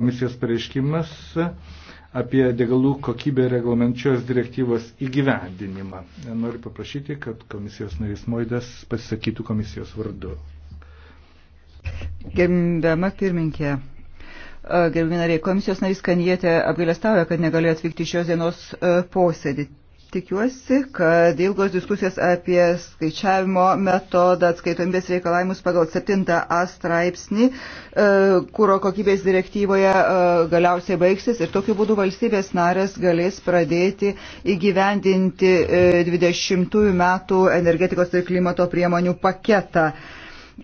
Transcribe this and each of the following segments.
komisijos pareiškimas apie degalų kokybę reglamenčios direktyvos įgyvendinimą. Noriu paprašyti, kad komisijos narys Moidas pasisakytų komisijos vardu. Gerbiama pirminkė, e, gerbiminariai, komisijos narys Kanietė apgailestavo, kad negalėjo atvykti šios dienos e, posėdį tikiuosi, kad ilgos diskusijos apie skaičiavimo metodą, atskaitomybės reikalavimus pagal 7a straipsnį, e, kūro kokybės direktyvoje e, galiausiai baigsis ir tokiu būdu valstybės narės galės pradėti įgyvendinti 20 e, metų energetikos ir klimato priemonių paketą.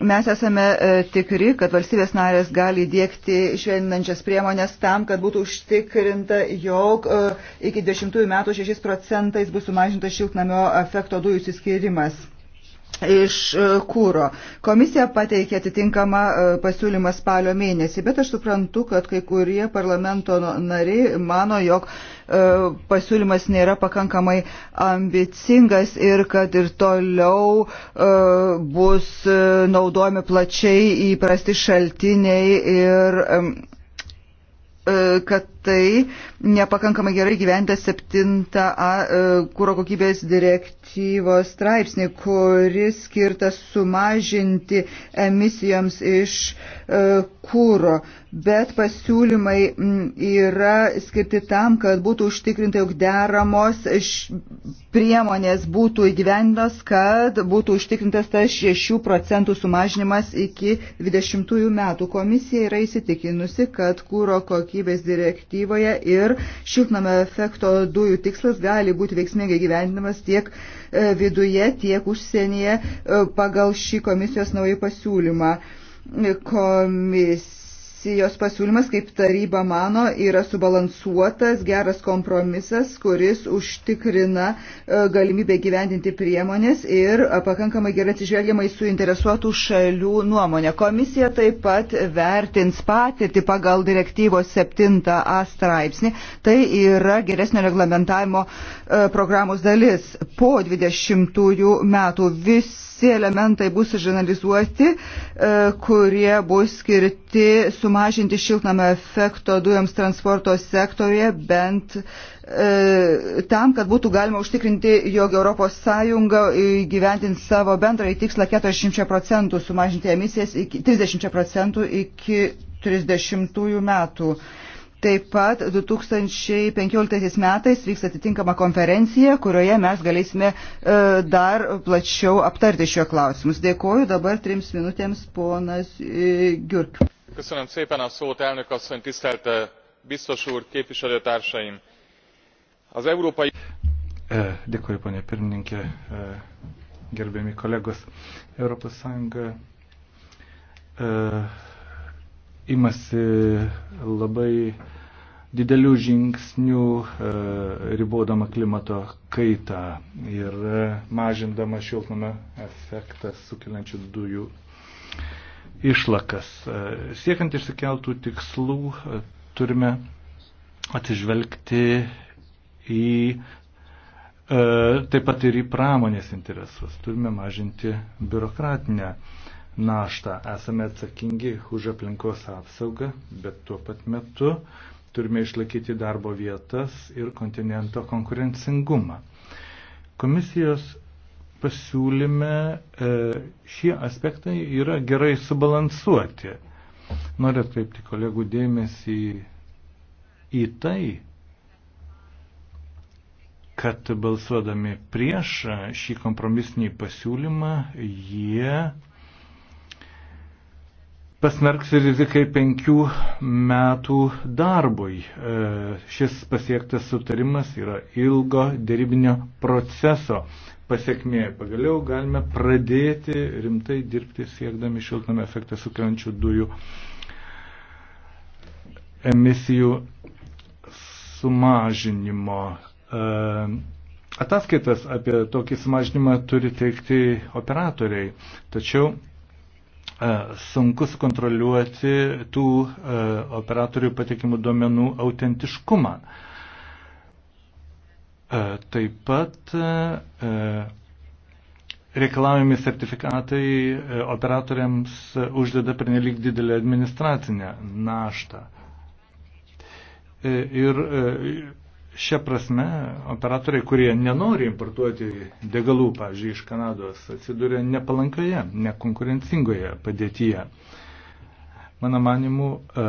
Mes esame e, tikri, kad valstybės narės gali dėkti švelninančias priemonės tam, kad būtų užtikrinta, jog e, iki 10 metų 6 procentais bus sumažintas šiltnamio efekto dujų įsiskirimas iš e, kūro. Komisija pateikė atitinkamą e, pasiūlymą spalio mėnesį, bet aš suprantu, kad kai kurie parlamento nariai mano, jog e, pasiūlymas nėra pakankamai ambicingas ir kad ir toliau bus naudojami plačiai įprasti šaltiniai ir kad tai nepakankamai gerai gyventa septinta kūro kokybės direktyva direktyvos straipsnį, kuris skirtas sumažinti emisijoms iš e, kūro, bet pasiūlymai yra skirti tam, kad būtų užtikrinta, jog deramos priemonės būtų įgyvendos, kad būtų užtikrintas tas 6 procentų sumažinimas iki 20 metų. Komisija yra įsitikinusi, kad kūro kokybės direktyvoje ir šiltnamio efekto dujų tikslas gali būti veiksmingai gyvendinamas tiek uh, E, viduje, tiek užsienyje e, pagal šį komisijos naują pasiūlymą. Komisija Komisijos pasiūlymas, kaip taryba mano, yra subalansuotas, geras kompromisas, kuris užtikrina e, galimybę gyvendinti priemonės ir e, pakankamai gerai atsižvelgiamai suinteresuotų šalių nuomonę. Komisija taip pat vertins patirtį pagal direktyvos 7a straipsnį. Tai yra geresnio reglamentavimo e, programos dalis. Po 20 metų visi visi elementai bus žurnalizuoti, e, kurie bus skirti sumažinti šiltnamio efekto dujams transporto sektorėje bent e, tam, kad būtų galima užtikrinti, jog ES įgyventins savo bendrąjį tikslą 40 procentų sumažinti emisijas iki 30 procentų iki 30 metų. Taip pat 2015 metais vyks atitinkama konferencija, kurioje mes galėsime e, dar plačiau aptarti šio klausimus. Dėkoju dabar trims minutėms ponas e, Gyurk. Köszönöm szépen a szót, elnök asszony, tisztelt e, biztos úr, képviselőtársaim. Az európai... Dėkoju, ponė pirmininkė, gerbiami kolegos. Europos Sąjunga imasi labai didelių žingsnių e, ribodama klimato kaitą ir e, mažindama šiltnamio efektą sukeliančių dujų išlakas. E, siekiant išsikeltų tikslų turime atsižvelgti į taip pat ir į pramonės interesus. Turime mažinti biurokratinę uh, naštą. Esame atsakingi už aplinkos apsaugą, bet tuo pat metu turime išlaikyti darbo vietas ir kontinento konkurencingumą. Komisijos pasiūlyme e, šie aspektai yra gerai subalansuoti. Noriu atkreipti kolegų dėmesį į tai, kad balsuodami prieš šį kompromisinį pasiūlymą jie pasmerks rizikai penkių metų darbui. E, šis pasiektas sutarimas yra ilgo dėrybinio proceso pasiekmė. Pagaliau galime pradėti rimtai dirbti siekdami šiltnamio efektą sukeliančių dujų emisijų sumažinimo. E, ataskaitas apie tokį sumažinimą turi teikti operatoriai, tačiau E, sunku sukontroliuoti tų e, operatorių patikimų duomenų autentiškumą. E, taip pat reikalavimi sertifikatai operatoriams uždeda pernelyg didelę administracinę naštą. Ir Šia prasme, operatoriai, kurie nenori importuoti degalų, pavyzdžiui, iš Kanados, atsiduria nepalankioje, nekonkurencingoje padėtyje. Mano manimu, e,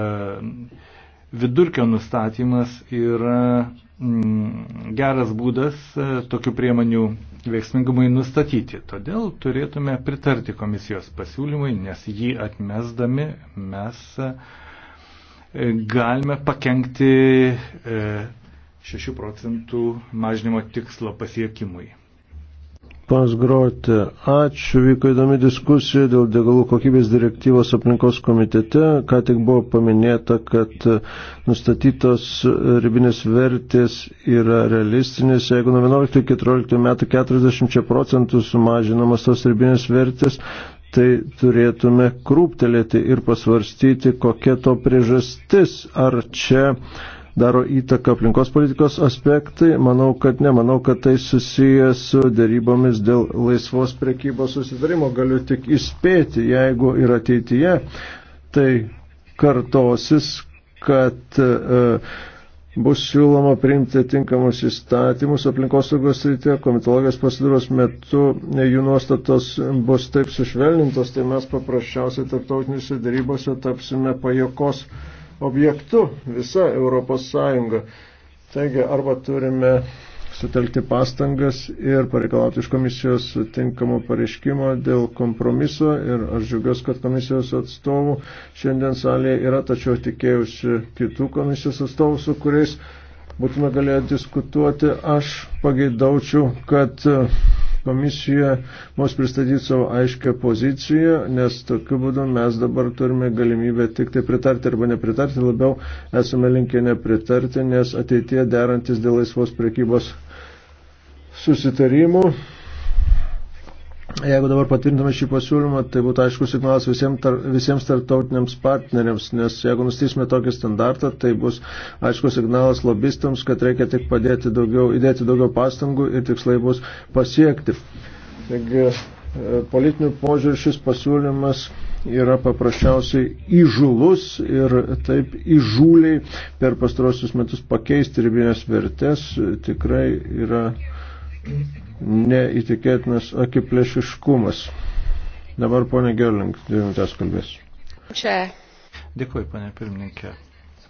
vidurkio nustatymas yra mm, geras būdas e, tokių priemonių veiksmingumui nustatyti. Todėl turėtume pritarti komisijos pasiūlymui, nes jį atmesdami mes e, galime pakengti 6 procentų mažinimo tikslo pasiekimui. Pas Groti, ačiū, vyko įdomi diskusija dėl degalų kokybės direktyvos aplinkos komitete. Ką tik buvo paminėta, kad nustatytos ribinės vertės yra realistinės. Jeigu nuo 11-14 metų 40 procentų sumažinamas tos ribinės vertės, tai turėtume krūptelėti ir pasvarstyti, kokia to priežastis. Ar čia daro įtaką aplinkos politikos aspektai. Manau, kad ne, manau, kad tai susiję su dėrybomis dėl laisvos prekybos susidarimo. Galiu tik įspėti, jeigu ir ateityje, tai kartosis, kad e, bus siūloma priimti tinkamus įstatymus aplinkosaugos rytėje, komitologijos procedūros metu e, jų nuostatos bus taip sušvelnintos, tai mes paprasčiausiai tarptautinėse darybose tapsime pajokos objektu visa Europos Sąjunga. Taigi arba turime sutelkti pastangas ir pareikalauti iš komisijos tinkamo pareiškimo dėl kompromiso ir aš džiugiuos, kad komisijos atstovų šiandien salėje yra, tačiau tikėjusi kitų komisijos atstovų, su kuriais būtume galėję diskutuoti. Aš pageidaučiau, kad komisija mums pristatyti savo aiškę poziciją, nes tokiu būdu mes dabar turime galimybę tik tai pritarti arba nepritarti, labiau esame linkę nepritarti, nes ateitie derantis dėl laisvos prekybos susitarimų Jeigu dabar patvirtintume šį pasiūlymą, tai būtų aišku signalas visiems, tar, visiems tarptautiniams partneriams, nes jeigu nustysime tokį standartą, tai bus aišku signalas lobistams, kad reikia tik padėti daugiau, įdėti daugiau pastangų ir tikslai bus pasiekti. Taigi, e, politinių požiūrį šis pasiūlymas yra paprasčiausiai įžulus ir taip įžūliai per pastarosius metus pakeisti ribinės vertės e, tikrai yra neįtikėtinas akiplėšiškumas. Dabar ponė Gerling, dvi minutės kalbės. Čia. Dėkuoju, ponė pirmininkė.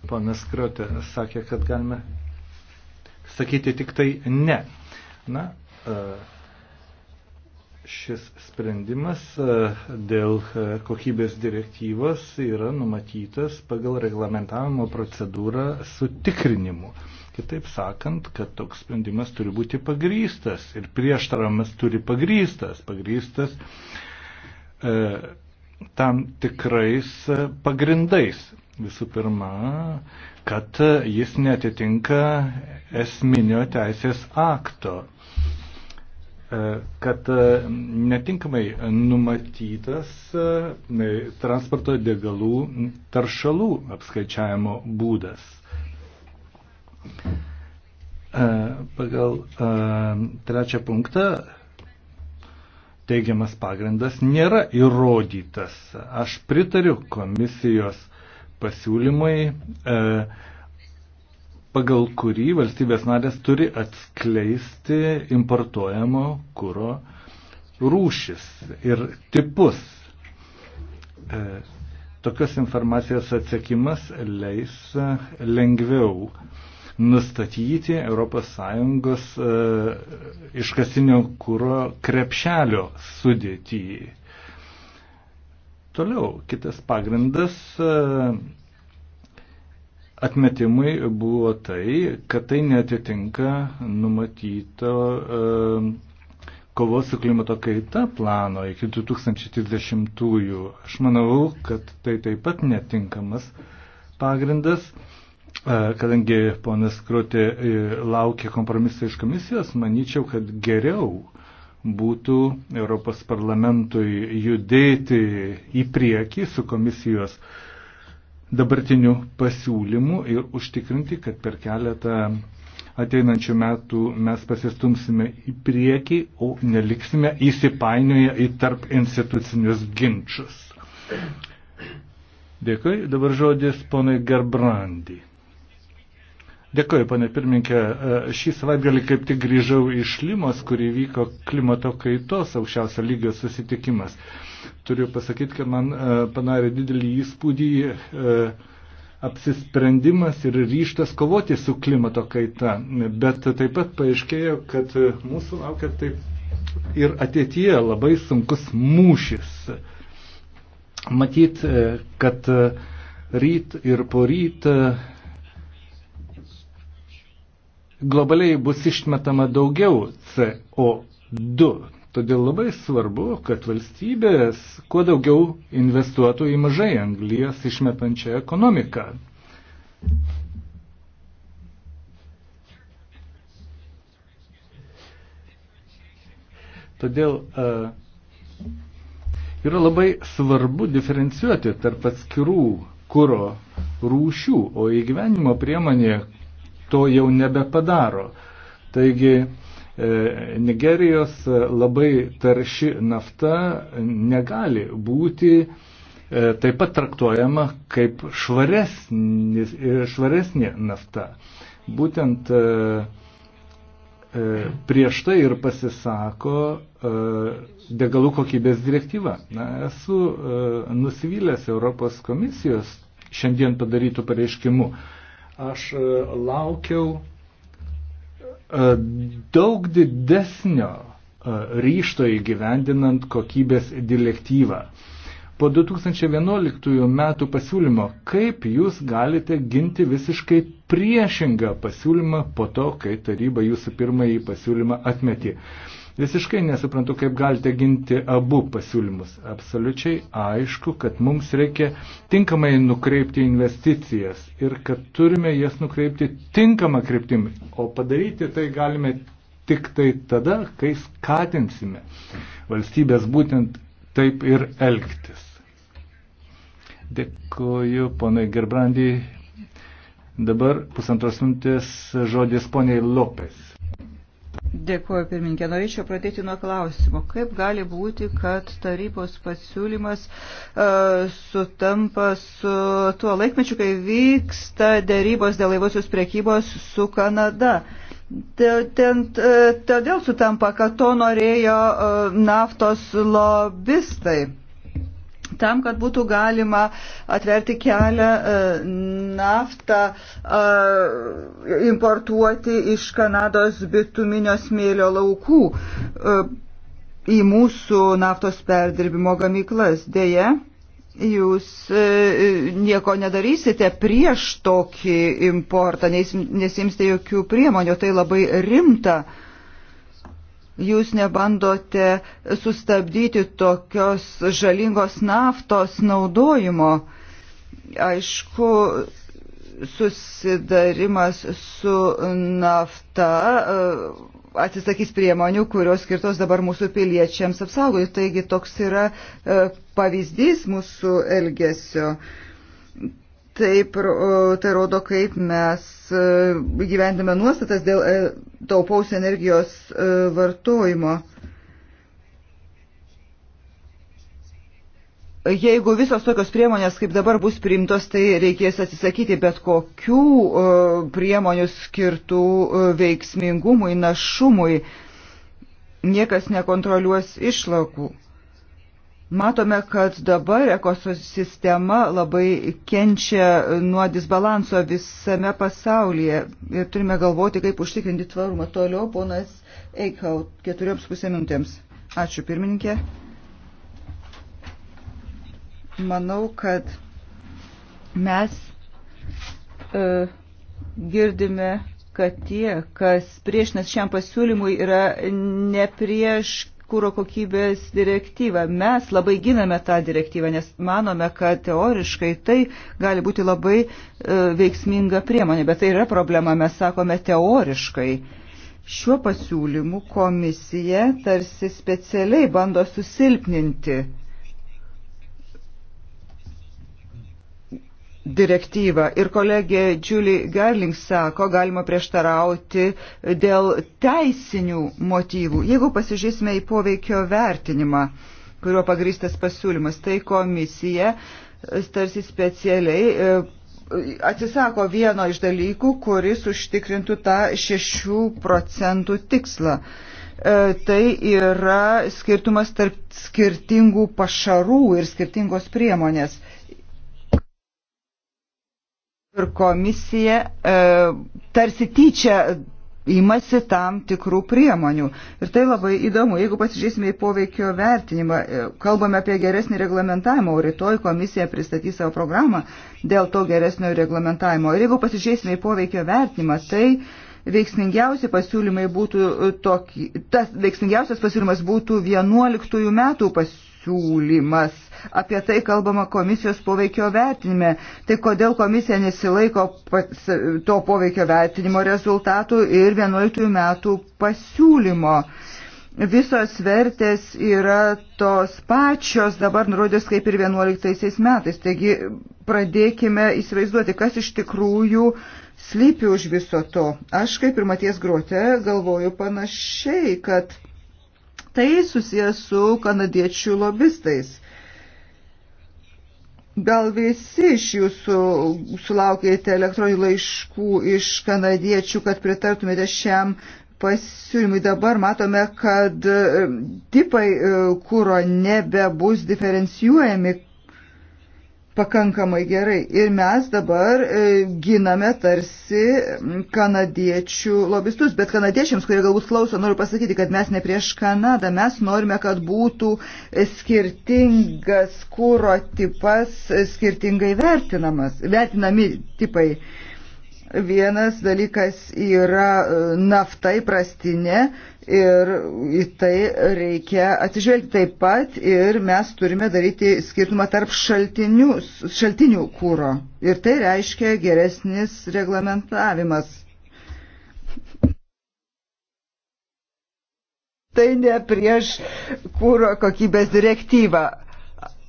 Ponas Kriotė sakė, kad galime sakyti tik tai ne. Na, e, šis sprendimas e, dėl e, kokybės direktyvos yra numatytas pagal reglamentavimo procedūrą su tikrinimu. Kitaip sakant, kad toks sprendimas turi būti pagrystas ir prieštaravimas turi pagrystas, pagrystas e, tam tikrais e, pagrindais. Visų pirma, kad jis netitinka esminio teisės akto, e, kad e, netinkamai numatytas transporto degalų taršalų apskaičiavimo būdas. E, pagal e, trečią punktą teigiamas pagrindas nėra įrodytas. Aš pritariu komisijos pasiūlymai, e, pagal kurį valstybės narės turi atskleisti importuojamo kūro rūšis ir tipus. Tokios informacijos atsiekimas leis lengviau nustatyti ES e, iškasinio kūro krepšelio sudėtį. Toliau, kitas pagrindas e, atmetimui buvo tai, kad tai netitinka numatyto e, kovos su klimato kaita plano iki 2030-ųjų. Aš manau, kad tai taip pat netinkamas pagrindas. Kadangi ponas Krutė e, laukia kompromiso iš komisijos, manyčiau, kad geriau būtų Europos parlamentui judėti į priekį su komisijos dabartiniu pasiūlymu ir užtikrinti, kad per keletą ateinančių metų mes pasistumsime į priekį, o neliksime įsipainioję į tarp institucinius ginčius. Dėkui, dabar žodis ponai Gerbrandi. Dėkuoju, pane pirminkė. E, šį savaitgalį kaip tik grįžau iš Limos, kur įvyko klimato kaitos aukščiausio lygio susitikimas. Turiu pasakyti, kad man e, padarė didelį įspūdį e, apsisprendimas ir ryštas kovoti su klimato kaita. Bet taip pat paaiškėjo, kad mūsų laukia taip ir ateityje labai sunkus mūšis. Matyt, kad ryt ir poryt globaliai bus išmetama daugiau CO2. Todėl labai svarbu, kad valstybės kuo daugiau investuotų į mažai anglijas išmetančią ekonomiką. Todėl a, yra labai svarbu diferencijuoti tarp atskirų kūro rūšių, o įgyvenimo priemonė, to jau nebepadaro. Taigi e, Nigerijos labai tarši nafta negali būti e, taip pat traktuojama kaip švaresnis, e, švaresnė nafta. Būtent prieš tai ir pasisako degalų kokybės direktyva. Na, esu nusivylęs Europos komisijos šiandien padarytų pareiškimų. Aš e, laukiau e, daug didesnio e, ryšto įgyvendinant kokybės direktyvą. Po 2011 metų pasiūlymo, kaip jūs galite ginti visiškai priešingą pasiūlymą po to, kai taryba jūsų pirmąjį pasiūlymą atmetė. Visiškai nesuprantu, kaip galite ginti abu pasiūlymus. Absoliučiai aišku, kad mums reikia tinkamai nukreipti investicijas ir kad turime jas nukreipti tinkamą kryptimį. O padaryti tai galime tik tai tada, kai skatinsime valstybės būtent taip ir elgtis. Dėkuoju, ponai Gerbrandį. Dabar pusantros minutės žodis poniai Lopes. Dėkuoju, pirmininkė. Norėčiau pradėti nuo klausimo. Kaip gali būti, kad tarybos pasiūlymas uh, sutampa su tuo laikmečiu, kai vyksta dėrybos dėl laivosios priekybos su Kanada? E, todėl sutampa, kad to norėjo uh, naftos lobistai tam, kad būtų galima atverti kelią e, naftą e, importuoti iš Kanados bituminio smėlio laukų e, į mūsų naftos perdirbimo gamyklas. Deja, jūs nieko nedarysite prieš tokį importą, nesimsite jokių priemonių, tai labai rimta jūs nebandote sustabdyti tokios žalingos naftos naudojimo. Aišku, susidarimas su nafta e, atsisakys priemonių, kurios skirtos dabar mūsų piliečiams apsaugoti. Taigi toks yra e, pavyzdys mūsų elgesio. Taip, tai rodo, kaip mes e, gyvendame nuostatas dėl e, taupaus energijos e, vartojimo. Jeigu visos tokios priemonės, kaip dabar bus priimtos, tai reikės atsisakyti bet kokių priemonių skirtų veiksmingumui, našumui. Niekas nekontroliuos išlakų. Matome, kad dabar ekosistema labai kenčia nuo disbalanso visame pasaulyje ir turime galvoti, kaip užtikrinti tvarumą. Toliau ponas Eikau, keturioms pusė minutėms. Ačiū pirmininkė. Manau, kad mes e, girdime kad tie, kas priešinas šiam pasiūlymui, yra ne prieš kūro kokybės direktyvą. Mes labai giname tą direktyvą, nes manome, kad teoriškai tai gali būti labai e, veiksminga priemonė, bet tai yra problema, mes sakome teoriškai. Šiuo pasiūlymu komisija tarsi specialiai bando susilpninti direktyvą. Ir kolegė Julie Gerling sako, galima prieštarauti dėl teisinių motyvų. Jeigu pasižiūrėsime į poveikio vertinimą, kuriuo pagrįstas pasiūlymas, tai komisija e, tarsi specialiai e, atsisako vieno iš dalykų, kuris užtikrintų tą 6 procentų tikslą. E, tai yra skirtumas tarp skirtingų pašarų ir skirtingos priemonės ir komisija e, tarsi tyčia imasi tam tikrų priemonių. Ir tai labai įdomu. Jeigu pasižiūrėsime į poveikio vertinimą, e, kalbame apie geresnį reglamentavimą, o rytoj komisija pristatys savo programą dėl to geresnio reglamentavimo. Ir jeigu pasižiūrėsime į poveikio vertinimą, tai veiksmingiausi pasiūlymai būtų tokie, tas veiksmingiausias pasiūlymas būtų 11 metų pasiūlymas siūlymas. Apie tai kalbama komisijos poveikio vertinime. Tai kodėl komisija nesilaiko to poveikio vertinimo rezultatų ir 11 metų pasiūlymo. Visos vertės yra tos pačios dabar nurodės kaip ir 11 metais. Taigi pradėkime įsivaizduoti, kas iš tikrųjų slypi už viso to. Aš kaip ir Maties Grote galvoju panašiai, kad tai susijęs su kanadiečių lobistais. Gal visi iš jūsų sulaukėte elektroninių laiškų iš kanadiečių, kad pritartumėte šiam pasiūlymui. Dabar matome, kad tipai e, kūro nebebus diferencijuojami pakankamai gerai. Ir mes dabar e, giname tarsi kanadiečių lobistus, bet kanadiečiams, kurie galbūt klauso, noriu pasakyti, kad mes ne prieš Kanadą, mes norime, kad būtų skirtingas kūro tipas, skirtingai vertinamas, vertinami tipai. Vienas dalykas yra e, nafta įprastinė, Ir į tai reikia atsižvelgti taip pat ir mes turime daryti skirtumą tarp šaltinių kūro. Ir tai reiškia geresnis reglamentavimas. Tai ne prieš kūro kokybės direktyvą.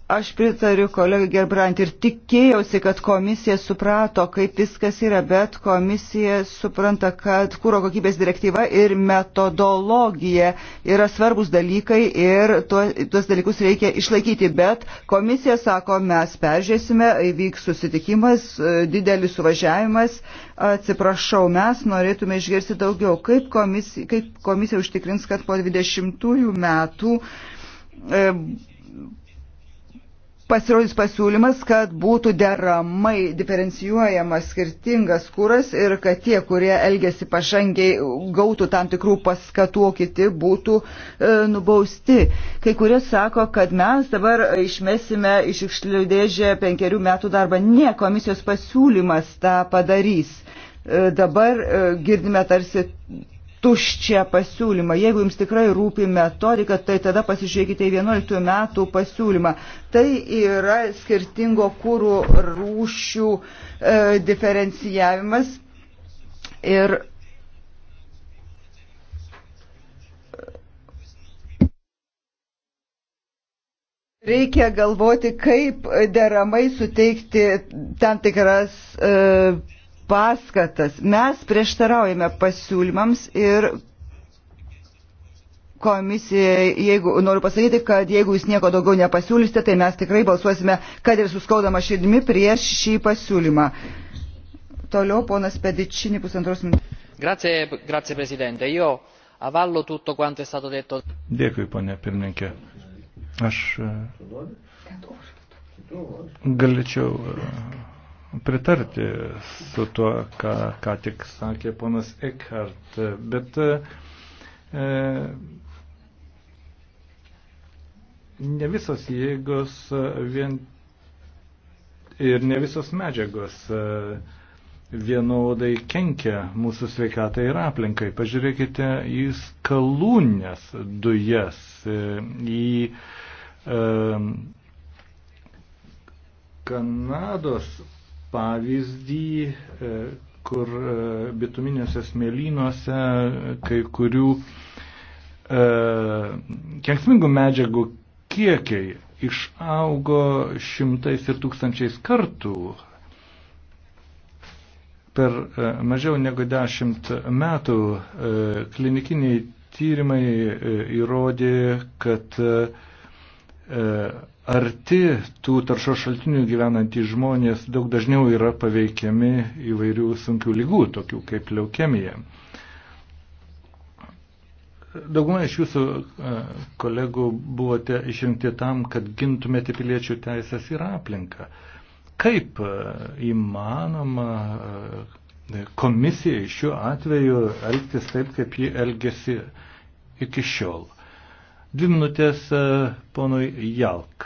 Aš pritariu kolegai Gerbrant ir tikėjausi, kad komisija suprato, kaip viskas yra, bet komisija supranta, kad kūro kokybės direktyva ir metodologija yra svarbus dalykai ir tuos dalykus reikia išlaikyti. Bet komisija sako, mes peržiūrėsime, įvyks susitikimas, didelis suvažiavimas. Atsiprašau, mes norėtume išgirsti daugiau, kaip komisija, kaip komisija užtikrins, kad po 20 metų. E, pasirodys pasiūlymas, kad būtų deramai diferencijuojamas skirtingas kūras ir kad tie, kurie elgesi pažangiai, gautų tam tikrų paskatų, o kiti būtų e, nubausti. Kai kurie sako, kad mes dabar išmesime iš šiukšlių dėžę penkerių metų darbą. Ne, komisijos pasiūlymas tą padarys. E, dabar e, girdime tarsi tuščią pasiūlymą. Jeigu jums tikrai rūpi metodika, tai tada pasižiūrėkite į 11 metų pasiūlymą. Tai yra skirtingo kūrų rūšių e, diferencijavimas ir Reikia galvoti, kaip deramai suteikti tam tikras e, paskatas. Mes prieštaraujame pasiūlymams ir komisijai, jeigu noriu pasakyti, kad jeigu jūs nieko daugiau nepasiūlysite, tai mes tikrai balsuosime, kad ir suskaudama širdimi prieš šį pasiūlymą. Toliau ponas Pedičini pusantros minutės. Grazie, grazie prezidente. Io avallo tutto quanto è stato detto. Dėkui, ponė pirmininkė. Aš e, galėčiau e, pritarti su tuo, ką, ką tik sakė ponas Eckhart, bet e, ne visos jėgos vien ir ne visos medžiagos e, vienodai kenkia mūsų sveikatai ir aplinkai. Pažiūrėkite į skalūnės dujas, e, į e, Kanados pavyzdį, e, kur e, bituminėse smėlynuose kai kurių e, kenksmingų medžiagų kiekiai išaugo šimtais ir tūkstančiais kartų per mažiau negu dešimt metų klinikiniai tyrimai įrodė, kad E, arti tų taršos šaltinių gyvenantys žmonės daug dažniau yra paveikiami įvairių sunkių lygų, tokių kaip leukemija. Dauguma iš jūsų e, kolegų buvote išrinkti tam, kad gintumėte piliečių teisės ir aplinką. Kaip e, įmanoma komisijai šiuo atveju elgtis taip, kaip ji elgesi iki šiol? Dvi minutės e, ponui Jalk.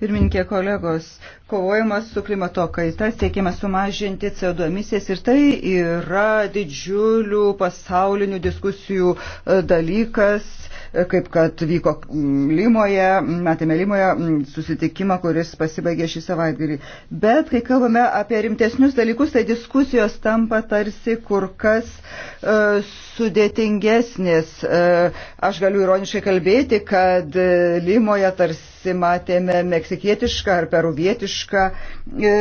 Pirmininkė kolegos, kovojimas su klimato kaita, siekiama sumažinti CO2 emisijas ir tai yra didžiulių pasaulinių diskusijų e, dalykas kaip kad vyko Limoje, matėme Limoje susitikimą, kuris pasibaigė šį savaitgalį. Bet kai kalbame apie rimtesnius dalykus, tai diskusijos tampa tarsi kur kas e, sudėtingesnės. E, aš galiu ironiškai kalbėti, kad e, Limoje tarsi matėme meksikietišką ar peruvietišką e,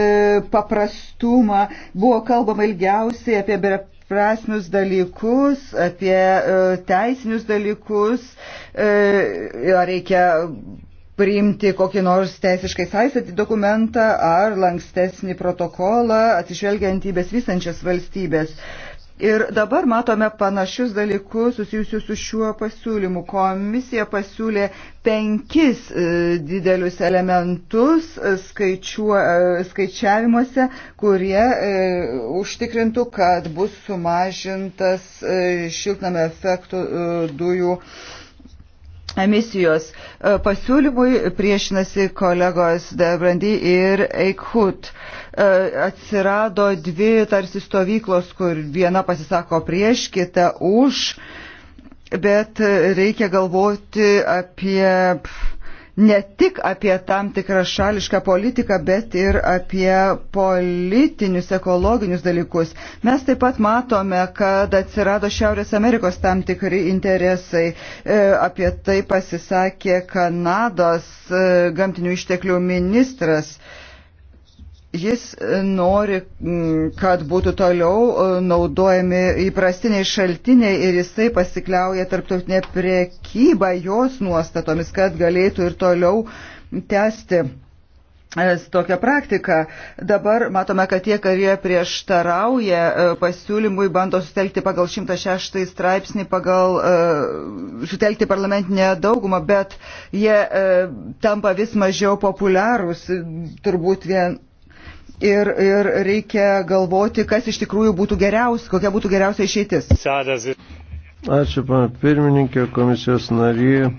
paprastumą. Buvo kalbama ilgiausiai apie besprasmius dalykus, apie e, teisinius dalykus, ar e, reikia priimti kokį nors teisiškai saistantį dokumentą ar lankstesnį protokolą, atsižvelgiant į besvystančias valstybės. Ir dabar matome panašius dalykus susijusius su šiuo pasiūlymu. Komisija pasiūlė penkis e, didelius elementus e, skaičiuo, e, skaičiavimuose, kurie užtikrintų, kad bus sumažintas šiltnamio efektų dujų emisijos e, pasiūlymui priešinasi kolegos Debrandy ir Eikhut. E, atsirado dvi tarsi stovyklos, kur viena pasisako prieš, kita už, bet reikia galvoti apie ne tik apie tam tikrą šališką politiką, bet ir apie politinius, ekologinius dalykus. Mes taip pat matome, kad atsirado Šiaurės Amerikos tam tikri interesai. E, apie tai pasisakė Kanados e, gamtinių išteklių ministras. Jis e, nori, kad būtų toliau e, naudojami įprastiniai šaltiniai ir jisai pasikliauja tarptautinė priekyba jos nuostatomis, kad galėtų ir toliau tęsti e, tokią praktiką. Dabar matome, kad tie, kurie prieštarauja pasiūlymui, bando sutelkti pagal 106 straipsnį, pagal sutelkti parlamentinę daugumą, bet jie tampa vis mažiau populiarūs, turbūt vien ir, ir reikia galvoti, kas iš tikrųjų būtų geriausia, kokia būtų geriausia išeitis. Ačiū, pana pirmininkė, komisijos narė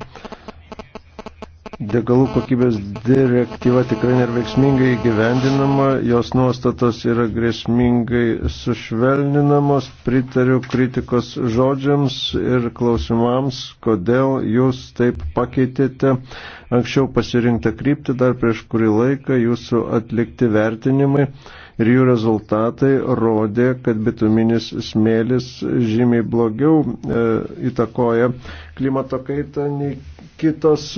degalų kokybės direktyva tikrai nerveiksmingai įgyvendinama, jos nuostatos yra grėsmingai sušvelninamos, pritariu kritikos žodžiams ir klausimams, kodėl jūs taip pakeitėte anksčiau pasirinktą kryptį dar prieš kurį laiką jūsų atlikti vertinimai ir jų rezultatai rodė, kad bituminis smėlis žymiai blogiau e, įtakoja klimato kaitą nei kitos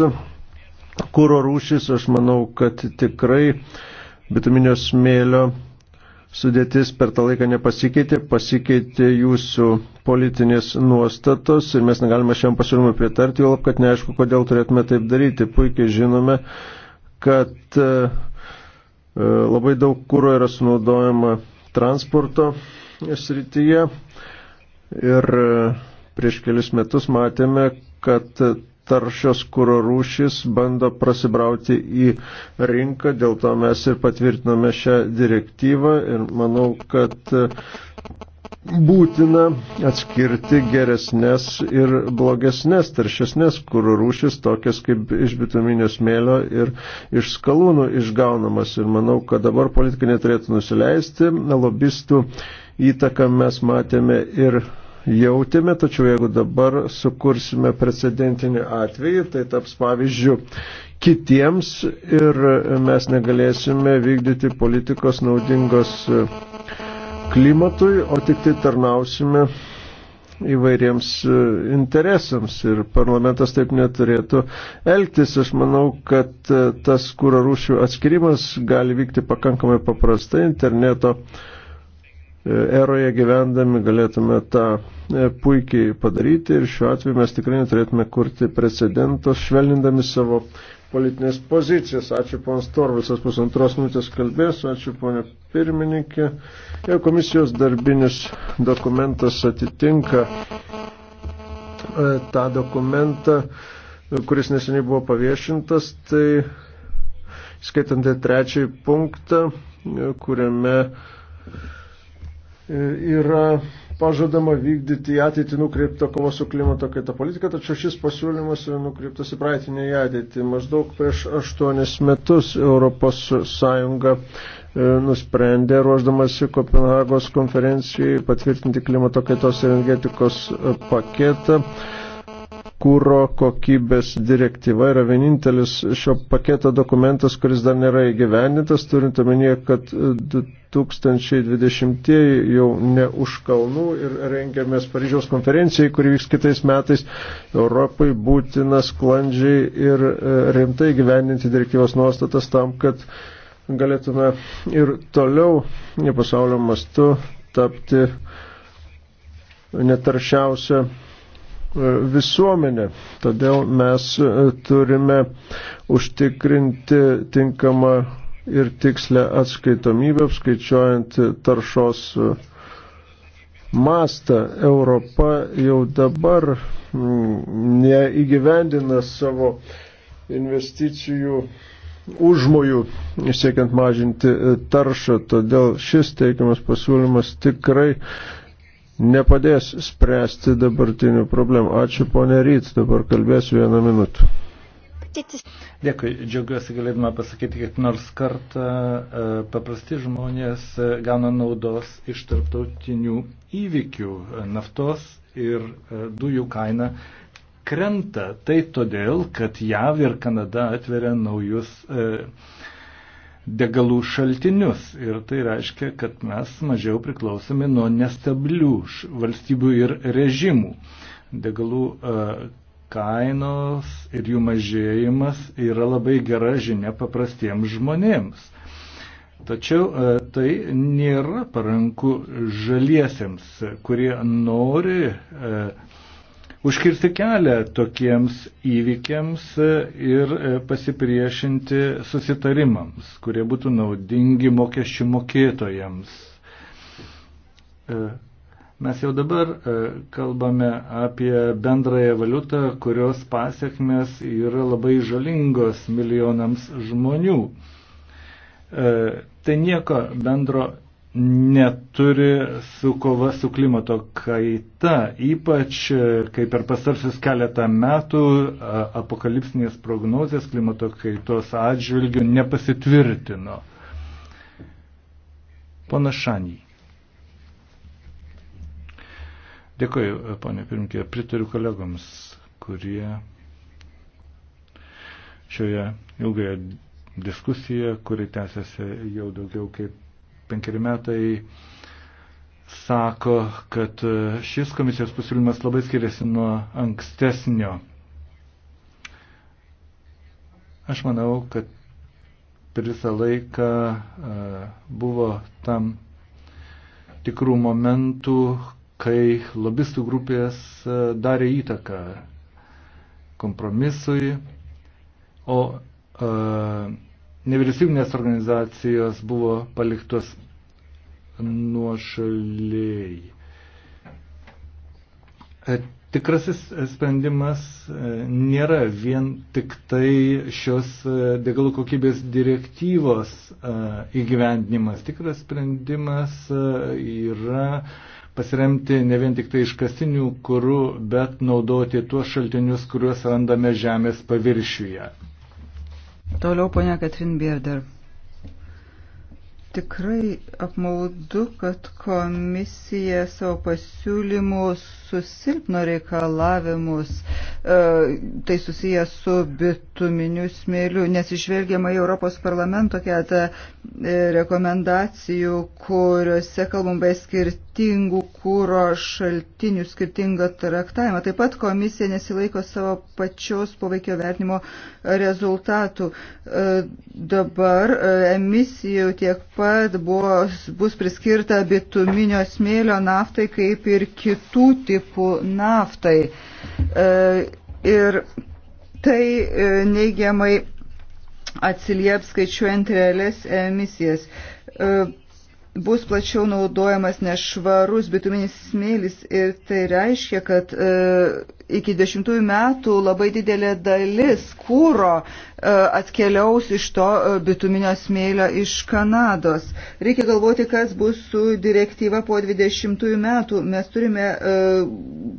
kūro rūšis, aš manau, kad tikrai bituminio smėlio sudėtis per tą laiką nepasikeitė, pasikeitė jūsų politinės nuostatos ir mes negalime šiam pasiūlymui pritarti, jau lab, kad neaišku, kodėl turėtume taip daryti. Puikiai žinome, kad e, e, labai daug kūro yra sunaudojama transporto srityje ir e, prieš kelis metus matėme, kad taršios kūro rūšys bando prasibrauti į rinką, dėl to mes ir patvirtinome šią direktyvą ir manau, kad e, būtina atskirti geresnės ir blogesnės, taršesnės kūro rūšis, tokias kaip iš bituminio smėlio ir iš skalūnų išgaunamas. Ir manau, kad dabar politikai neturėtų nusileisti, lobistų įtaką mes matėme ir jautėme, tačiau jeigu dabar sukursime precedentinį atvejį, tai taps pavyzdžių kitiems ir mes negalėsime vykdyti politikos naudingos klimatui, o tik tai tarnausime įvairiems interesams ir parlamentas taip neturėtų elgtis. Aš manau, kad tas kūro rūšių atskirimas gali vykti pakankamai paprastai interneto eroje gyvendami galėtume tą e, puikiai padaryti ir šiuo atveju mes tikrai neturėtume kurti precedentos, švelnindami savo politinės pozicijas. Ačiū ponas Torvisas pusantros minutės kalbės, ačiū ponė pirmininkė. Jau komisijos darbinis dokumentas atitinka e, tą dokumentą, kuris neseniai buvo paviešintas, tai skaitant trečiąjį punktą, e, kuriame E, yra pažadama vykdyti į ateitį nukreiptą kovos su klimato kaita politiką, tačiau šis pasiūlymas yra nukreiptas į praeitinę į ateitį. Maždaug prieš aštuonis metus ES e, nusprendė, ruoždamasi Kopenhagos konferencijai, patvirtinti klimato kaitos ir energetikos paketą kūro kokybės direktyva yra vienintelis šio paketo dokumentas, kuris dar nėra įgyvendintas, turint omenyje, kad 2020 e, jau ne už kalnų ir rengiamės Paryžiaus konferencijai, kuri vyks kitais metais. Europai būtina sklandžiai ir e, rimtai gyvendinti direktyvos nuostatas tam, kad galėtume ir toliau pasaulio mastu tapti netaršiausią E, visuomenė. Todėl mes e, turime užtikrinti tinkamą ir tikslę atskaitomybę, apskaičiuojant taršos e, mastą. Europa jau dabar mm, neįgyvendina savo investicijų užmojų siekiant mažinti taršą, todėl šis teikiamas pasiūlymas tikrai nepadės spręsti dabartinių problemų. Ačiū ponė Ryt, dabar kalbėsiu vieną minutę. Dėkui, džiaugiuosi galėdama pasakyti, kad nors kartą e, paprasti žmonės e, gauna naudos iš tarptautinių įvykių. E, naftos ir dujų kaina krenta. Tai todėl, kad JAV ir Kanada atveria naujus. E, degalų šaltinius. Ir tai reiškia, kad mes mažiau priklausomi nuo nestabilių valstybių ir režimų. Degalų e, kainos ir jų mažėjimas yra labai gera žinia paprastiems žmonėms. Tačiau e, tai nėra paranku žaliesiems, kurie nori e, užkirsti kelią tokiems įvykiams ir e, pasipriešinti susitarimams, kurie būtų naudingi mokesčių mokėtojams. E, mes jau dabar e, kalbame apie bendrąją valiutą, kurios pasiekmes yra labai žalingos milijonams žmonių. Tai nieko bendro neturi su kova su klimato kaita, ypač kai per pastarsis keletą metų apokalipsinės prognozijas klimato kaitos atžvilgių nepasitvirtino. Pana Šanį. Dėkoju, ponė pirmkė, pritariu kolegoms, kurie šioje ilgoje diskusijoje, kuri tęsiasi jau daugiau kaip penkeri metai sako, kad e, šis komisijos pasiūlymas labai skiriasi nuo ankstesnio. Aš manau, kad per visą laiką e, buvo tam tikrų momentų, kai lobistų grupės e, darė įtaką kompromisui, o nevyriausybinės organizacijos buvo paliktos nuošaliai. E, tikrasis sprendimas e, nėra vien tik tai šios e, degalų kokybės direktyvos įgyvendinimas. Tikras sprendimas yra pasiremti ne vien tik tai iškastinių kurų, bet naudoti tuos šaltinius, kuriuos randame žemės paviršiuje. Toliau ponia Katrin Bierder. Tikrai apmaudu, kad komisija savo pasiūlymų susilpno reikalavimus, e, tai susijęs su bituminiu smėliu, nes išvelgiama į Europos parlamento keletą e, rekomendacijų, kuriuose kalbam be skirtingų kūro šaltinių skirtingą traktavimą. Taip pat komisija nesilaiko savo pačios poveikio vertinimo rezultatų. E, dabar e, emisijų tiek pat buvo, bus priskirta bituminio smėlio naftai kaip ir kitų tipų naftai. E, ir tai neigiamai atsilieps skaičiuojant realias emisijas bus plačiau naudojamas nešvarus bituminis smėlis ir tai reiškia, kad e, iki dešimtųjų metų labai didelė dalis kūro e, atkeliaus iš to e, bituminio smėlio iš Kanados. Reikia galvoti, kas bus su direktyva po dvidešimtųjų metų. Mes turime e,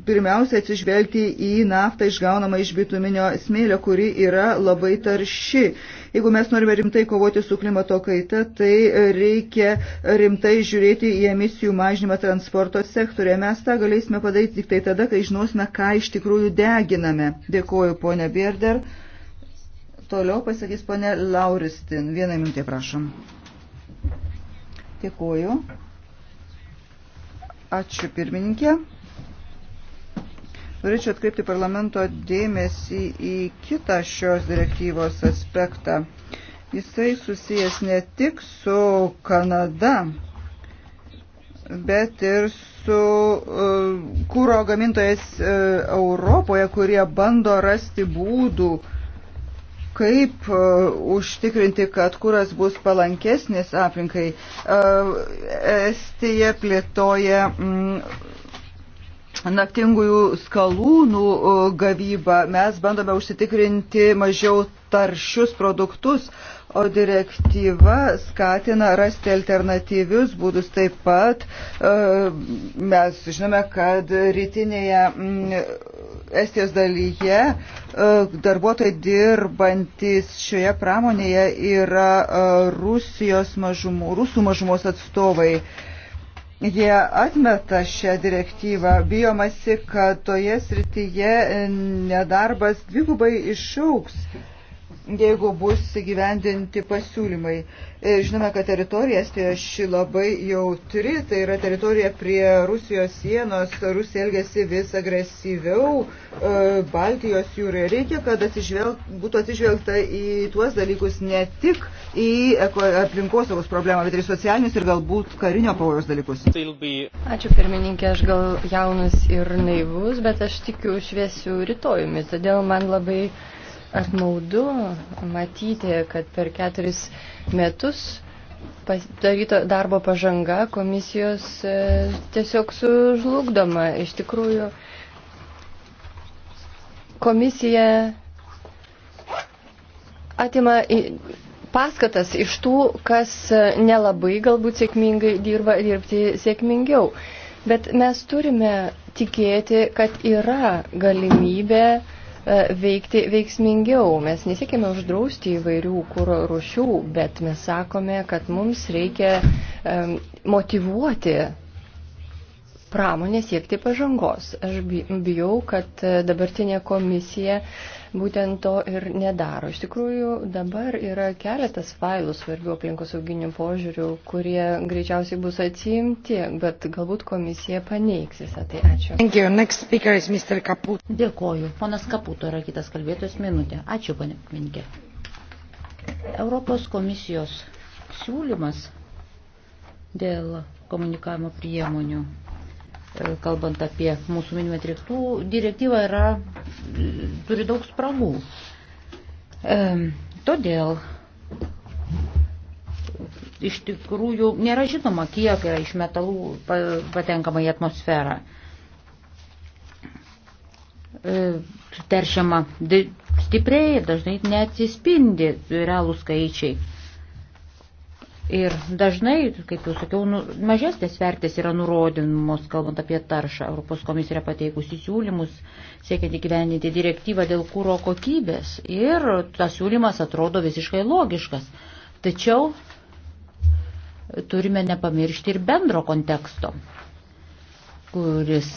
pirmiausia atsižvelgti į naftą išgaunamą iš bituminio smėlio, kuri yra labai tarši. Jeigu mes norime rimtai kovoti su klimato kaita, tai reikia rimtai žiūrėti į emisijų mažinimą transporto sektorėje. Mes tą galėsime padaryti tik tai tada, kai žinosime, ką iš tikrųjų deginame. Dėkuoju, ponia Bierder. Toliau pasakys ponia Lauristin. Vieną minutę prašom. Dėkuoju. Ačiū pirmininkė. Norėčiau atkreipti parlamento dėmesį į kitą šios direktyvos aspektą. Jisai susijęs ne tik su Kanada, bet ir su uh, kūro gamintojais uh, Europoje, kurie bando rasti būdų, kaip uh, užtikrinti, kad kuras bus palankesnis aplinkai. Uh, Estija plėtoja. Mm, naktingųjų skalūnų gavybą, mes bandome užsitikrinti mažiau taršius produktus, o direktyva skatina rasti alternatyvius būdus taip pat. Mes žinome, kad rytinėje mm, Estijos dalyje darbuotojai dirbantis šioje pramonėje yra Rusijos mažumų, rusų mažumos atstovai. Jie atmeta šią direktyvą, bijomasi, kad toje srityje nedarbas dvigubai išauks jeigu bus įgyvendinti pasiūlymai. Ir e, žinome, kad teritorija Estijoje ši labai jautri, tai yra teritorija prie Rusijos sienos, Rusija elgesi vis agresyviau e, Baltijos jūroje. Reikia, kad atsižvelg, būtų atsižvelgta į tuos dalykus ne tik į aplinkosaugos problemą, bet ir socialinius ir galbūt karinio pavojaus dalykus. Ačiū pirmininkė, aš gal jaunas ir naivus, bet aš tikiu šviesių rytojumi, todėl man labai uh, apmaudu matyti, kad per keturis metus padaryto darbo pažanga komisijos e, tiesiog sužlugdoma. Iš tikrųjų, komisija atima paskatas iš tų, kas nelabai galbūt sėkmingai dirba dirbti sėkmingiau. Bet mes turime tikėti, kad yra galimybė uh, E, veikti veiksmingiau. Mes nesiekime uždrausti įvairių kūro rušių, bet mes sakome, kad mums reikia motivuoti pramonė siekti pažangos. Aš bijau, kad e, dabartinė komisija būtent to ir nedaro. Iš tikrųjų, dabar yra keletas failų svarbių aplinkosauginių požiūrių, kurie greičiausiai bus atsiimti, bet galbūt komisija paneigs visą tai. Ačiū. Dėkoju. Ponas Kaputo yra kitas kalbėtojas minutė. Ačiū, ponė Minkė. Europos komisijos siūlymas dėl komunikavimo priemonių kalbant apie mūsų minimą direktyvą, yra, turi daug spragų. E, todėl iš tikrųjų nėra žinoma, kiek yra iš metalų patenkama į atmosferą. E, teršiama stipriai, dažnai neatsispindi realų skaičiai Ir dažnai, kaip jau sakiau, nu, mažesnės vertės yra nurodinamos, kalbant apie taršą. Europos komisija yra pateikusi siūlymus, siekiant įgyveninti direktyvą dėl kūro kokybės. Ir tas siūlymas atrodo visiškai logiškas. Tačiau turime nepamiršti ir bendro konteksto, kuris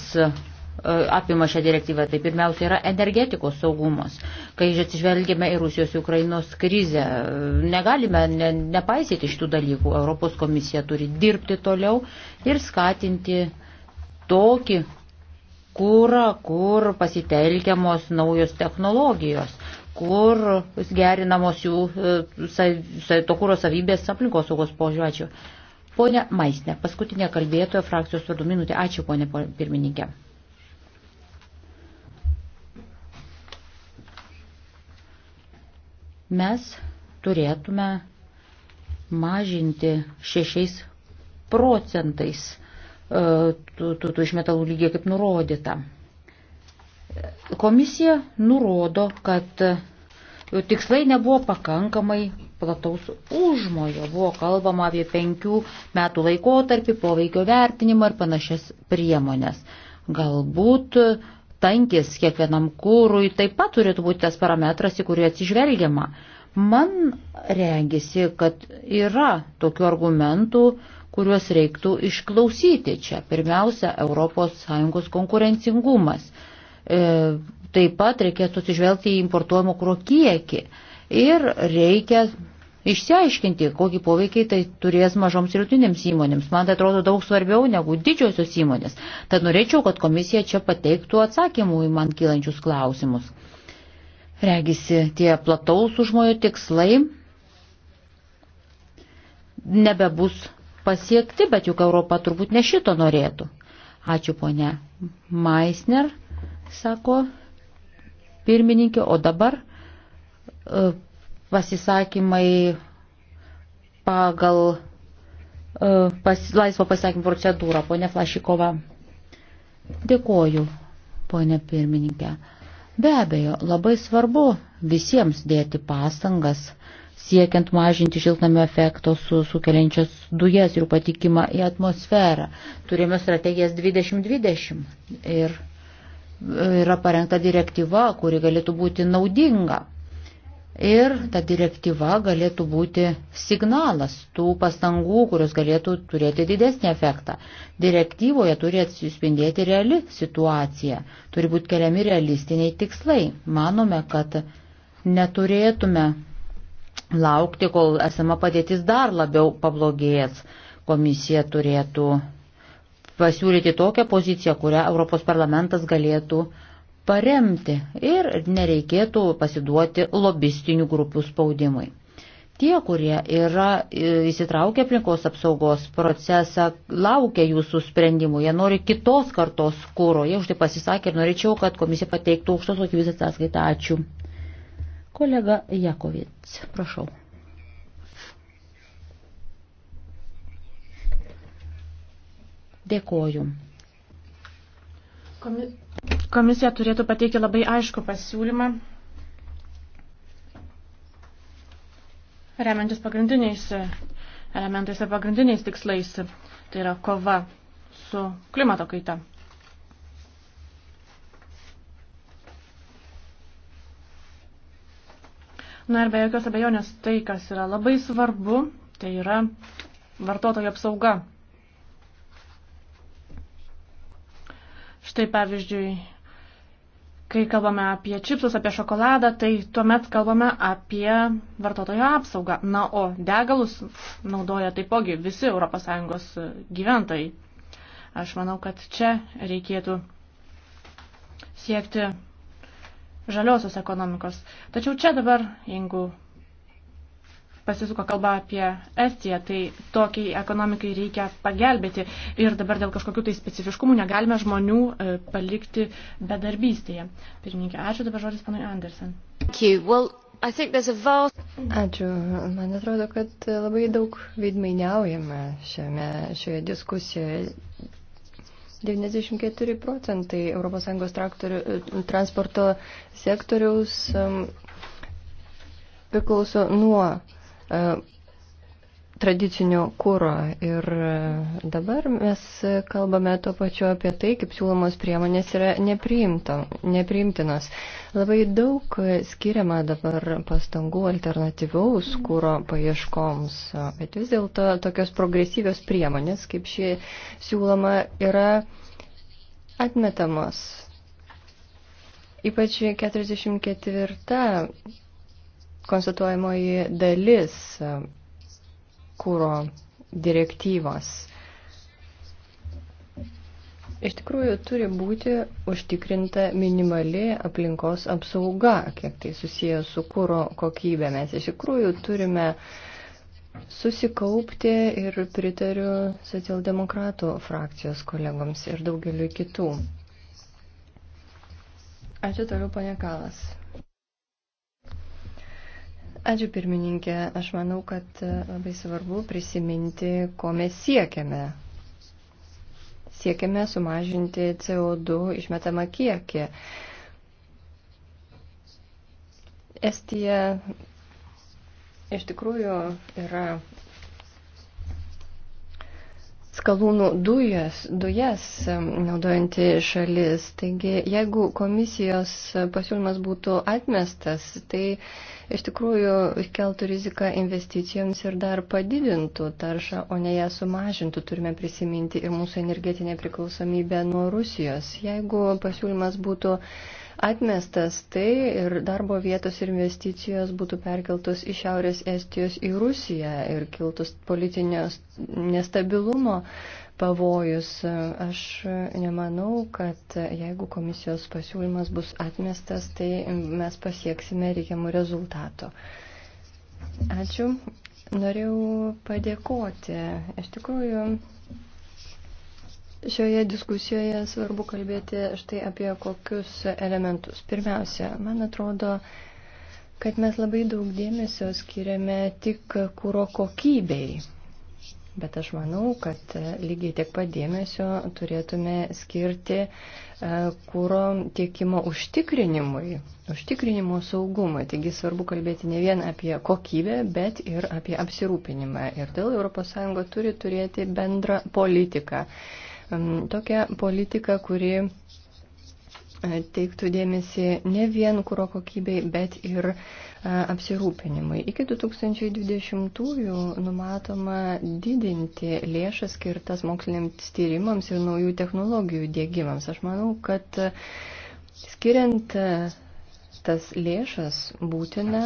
E, apima šią direktyvą, tai pirmiausia yra energetikos saugumas. Kai atsižvelgėme į Rusijos Ukrainos krizę, e, negalime ne, nepaisyti šitų dalykų. Europos komisija turi dirbti toliau ir skatinti tokį kūrą, kur pasitelkiamos naujos technologijos kur gerinamos jų e, to kūro savybės aplinkos saugos požiūrėčių. Pone Maisne, paskutinė kalbėtoja frakcijos vardu minutė. Ačiū, ponė pirmininkė. mes turėtume mažinti 6 procentais e, tų, tų, tų išmetalų lygiai kaip nurodyta. Komisija nurodo, kad e, tikslai nebuvo pakankamai plataus užmojo. Buvo kalbama apie penkių metų laikotarpį, poveikio vertinimą ir panašias priemonės. Galbūt uh, tankis kiekvienam kūrui taip pat turėtų būti tas parametras, į kurį atsižvelgiama. Man rengisi, kad yra tokių argumentų, kuriuos reiktų išklausyti čia. Pirmiausia, ES konkurencingumas. E, taip pat reikėtų atsižvelgti į importuojamo kuro kiekį. Ir reikia išsiaiškinti, kokį poveikį tai turės mažoms ir rutinėms įmonėms. Man tai atrodo daug svarbiau negu didžiosios įmonės. Tad norėčiau, kad komisija čia pateiktų atsakymų į man kylančius klausimus. Regisi tie plataus užmojo tikslai nebebus pasiekti, bet juk Europa turbūt ne šito norėtų. Ačiū ponia Maisner, sako pirmininkė, o dabar. Uh, pasisakymai pagal e, pas, laisvo pasisakymų procedūrą, ponė Flašikova. Dėkoju, ponė pirmininkė. Be abejo, labai svarbu visiems dėti pastangas, siekiant mažinti šiltnamio efekto su, sukeliančias dujas ir patikimą į atmosferą. Turime strategijas 2020 ir e, yra parengta direktyva, kuri galėtų būti naudinga Ir ta direktyva galėtų būti signalas tų pastangų, kurios galėtų turėti didesnį efektą. Direktyvoje turi atsispindėti reali situacija, turi būti keliami realistiniai tikslai. Manome, kad neturėtume laukti, kol esama padėtis dar labiau pablogėjęs. Komisija turėtų pasiūlyti tokią poziciją, kurią Europos parlamentas galėtų uh, paremti ir nereikėtų pasiduoti lobistinių grupių spaudimui. Tie, kurie yra e, įsitraukę aplinkos apsaugos procesą, laukia jūsų sprendimų, jie nori kitos kartos kūro, jie už tai pasisakė ir norėčiau, kad komisija pateiktų aukštos kokybės ataskaitą. Ačiū. Kolega Jakovic, prašau. Dėkoju. Komi... Komisija turėtų pateikti labai aišku pasiūlymą, remiantis pagrindiniais elementais ir pagrindiniais tikslais, tai yra kova su klimato kaita. Na ir be jokios abejonės tai, kas yra labai svarbu, tai yra vartotojų apsauga. Štai pavyzdžiui, Kai kalbame apie čipsus, apie šokoladą, tai tuomet kalbame apie vartotojo apsaugą. Na, o degalus naudoja taipogi visi ES gyventojai. Aš manau, kad čia reikėtų siekti žaliosios ekonomikos. Tačiau čia dabar, jeigu pasisuko kalba apie Estiją, tai tokiai ekonomikai reikia pagelbėti ir dabar dėl kažkokių tai specifiškumų negalime žmonių e, palikti bedarbystėje. Pirmininkė, ačiū dabar žodis panai Andersen. Ačiū. Man atrodo, kad labai daug veidmainiaujame šiame, šioje diskusijoje. 94 procentai ES e, transporto sektoriaus priklauso nuo E, tradicinio kūro. Ir e, dabar mes kalbame to pačiu apie tai, kaip siūlomos priemonės yra nepriimtinos. Labai daug skiriama dabar pastangų alternatyvaus kūro paieškoms, bet vis dėlto tokios progresyvios priemonės, kaip šie siūloma, yra atmetamos. Ypač 44 konstatuojamoji dalis e, kūro direktyvos. Iš tikrųjų, turi būti užtikrinta minimali aplinkos apsauga, kiek tai susijęs su kūro kokybė. Mes iš tikrųjų turime susikaupti ir pritariu socialdemokratų frakcijos kolegoms ir daugeliu kitų. Ačiū toliau, pane Kalas. Ačiū pirmininkė. Aš manau, kad e, labai svarbu prisiminti, ko mes siekiame. Siekiame sumažinti CO2 išmetamą kiekį. Estija iš tikrųjų yra skalūnų dujas, dujas naudojanti šalis. Taigi, jeigu komisijos pasiūlymas būtų atmestas, tai iš tikrųjų keltų riziką investicijoms ir dar padidintų taršą, o ne ją sumažintų. Turime prisiminti ir mūsų energetinę priklausomybę nuo Rusijos. Jeigu pasiūlymas būtų atmestas tai ir darbo vietos ir investicijos būtų perkeltos iš Šiaurės Estijos į Rusiją ir kiltus politinio nestabilumo pavojus. Aš nemanau, kad jeigu komisijos pasiūlymas bus atmestas, tai mes pasieksime reikiamų rezultatų. Ačiū. Norėjau padėkoti. Iš tikrųjų, Šioje diskusijoje svarbu kalbėti štai apie kokius elementus. Pirmiausia, man atrodo, kad mes labai daug dėmesio skiriame tik kūro kokybei. Bet aš manau, kad lygiai tiek pat dėmesio turėtume skirti e, kūro tiekimo užtikrinimui, užtikrinimo saugumui. Taigi svarbu kalbėti ne vien apie kokybę, bet ir apie apsirūpinimą. Ir dėl ES turi turėti bendrą politiką Tokia politika, kuri e, teiktų dėmesį ne vien kūro kokybei, bet ir e, apsirūpinimui. Iki 2020-ųjų numatoma didinti lėšas skirtas moksliniams tyrimams ir naujų technologijų dėgymams. Aš manau, kad e, skiriant tas lėšas būtina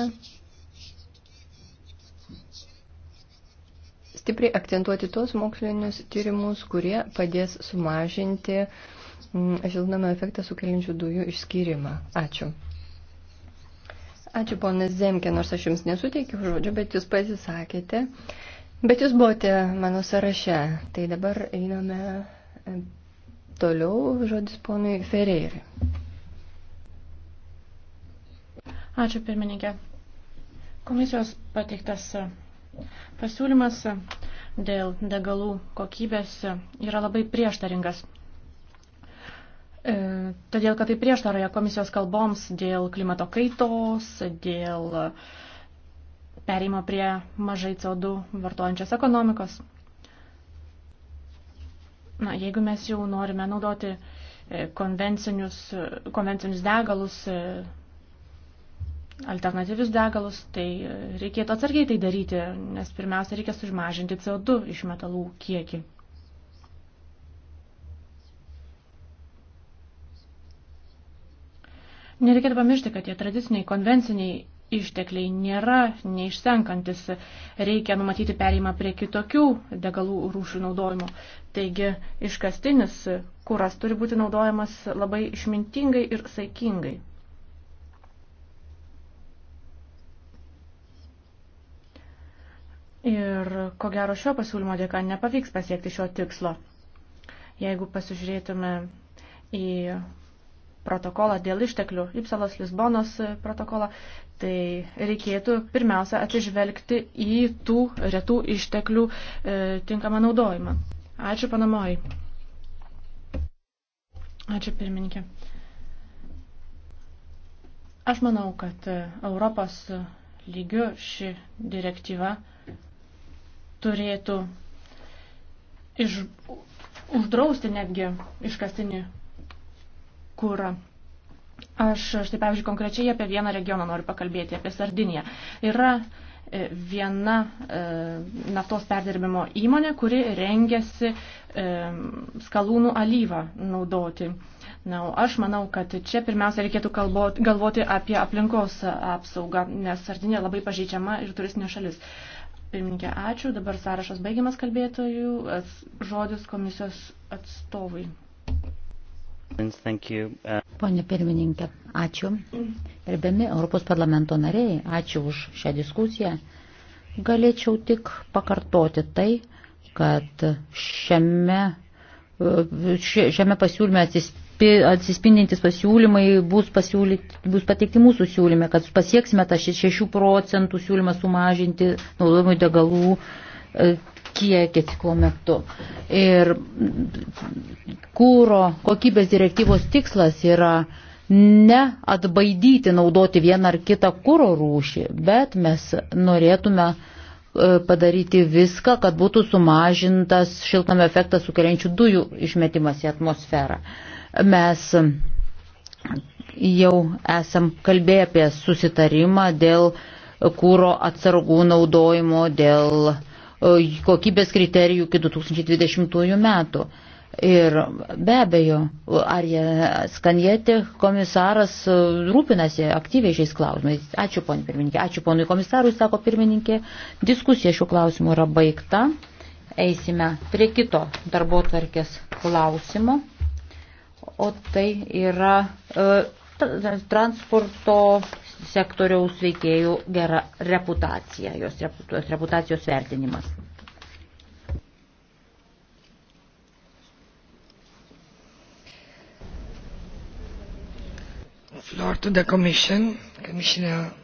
stipriai akcentuoti tuos mokslinius tyrimus, kurie padės sumažinti mm, šiltnamio efektą sukeliančių dujų išskyrimą. Ačiū. Ačiū, ponas Zemke, nors aš jums nesuteikiu žodžio, bet jūs pasisakėte. Bet jūs buvote mano sąraše. Tai dabar einame toliau žodis ponui Ferreiriui. Ačiū, pirmininkė. Komisijos pateiktas Pasiūlymas dėl degalų kokybės yra labai prieštaringas. E, todėl, kad tai prieštaroja komisijos kalboms dėl klimato kaitos, dėl perimo prie mažai CO2 vartojančios ekonomikos. Na, jeigu mes jau norime naudoti e, konvencinius, konvencinius degalus, e, alternatyvius degalus, tai reikėtų atsargiai tai daryti, nes pirmiausia reikia sumažinti CO2 iš metalų kiekį. Nereikėtų pamiršti, kad tie tradiciniai, konvenciniai ištekliai nėra neišsenkantis. Reikia numatyti perėjimą prie kitokių degalų rūšių naudojimo. Taigi iškastinis kuras turi būti naudojamas labai išmintingai ir saikingai. Ir ko gero šio pasiūlymo dėka nepavyks pasiekti šio tikslo. Jeigu pasižiūrėtume į protokolą dėl išteklių, Ipsalos Lisbonos protokolą, tai reikėtų pirmiausia atsižvelgti į tų retų išteklių e, tinkamą naudojimą. Ačiū panamoji. Ačiū pirmininkė. Aš manau, kad Europos lygiu ši direktyva turėtų iš, uždrausti netgi iškastinį kūrą. Aš štai, pavyzdžiui, konkrečiai apie vieną regioną noriu pakalbėti, apie Sardiniją. Yra e, viena e, naftos perdirbimo įmonė, kuri rengiasi e, skalūnų alyvą naudoti. Na, aš manau, kad čia pirmiausia reikėtų kalbot, galvoti apie aplinkos apsaugą, nes Sardinė labai pažeidžiama ir turistinė šalis. E, Pirmininkė, ačiū. Dabar sąrašas baigiamas kalbėtojų. Žodis komisijos atstovui. Uh, Pone pirmininkė, ačiū. Gerbiami Europos parlamento nariai, ačiū už šią diskusiją. Galėčiau tik pakartoti tai, kad šiame, uh, šiame pasiūlyme atsispirti atsispindintis pasiūlymai bus, pasiūlyti, bus pateikti mūsų siūlyme, kad pasieksime tą 6 procentų siūlymą sumažinti naudojimų degalų e, kiekį ciklo metu. Ir kūro kokybės direktyvos tikslas yra ne atbaidyti naudoti vieną ar kitą kūro rūšį, bet mes norėtume e, padaryti viską, kad būtų sumažintas šiltame efektą sukeliančių dujų išmetimas į atmosferą. Uh, Mes jau esam kalbėję apie susitarimą dėl kūro atsargų naudojimo, dėl e, kokybės kriterijų iki 2020 metų. Ir be abejo, Arija Skanjeti komisaras e, rūpinasi aktyviai šiais klausimais. Ačiū ponui pirmininkė, ačiū ponui komisarui, sako pirmininkė. Diskusija šiuo klausimu yra baigta. Eisime prie kito darbo tvarkės klausimo o tai yra e, transporto sektoriaus veikėjų gera reputacija, jos reputacijos vertinimas. Floor to the Commission, Commissioner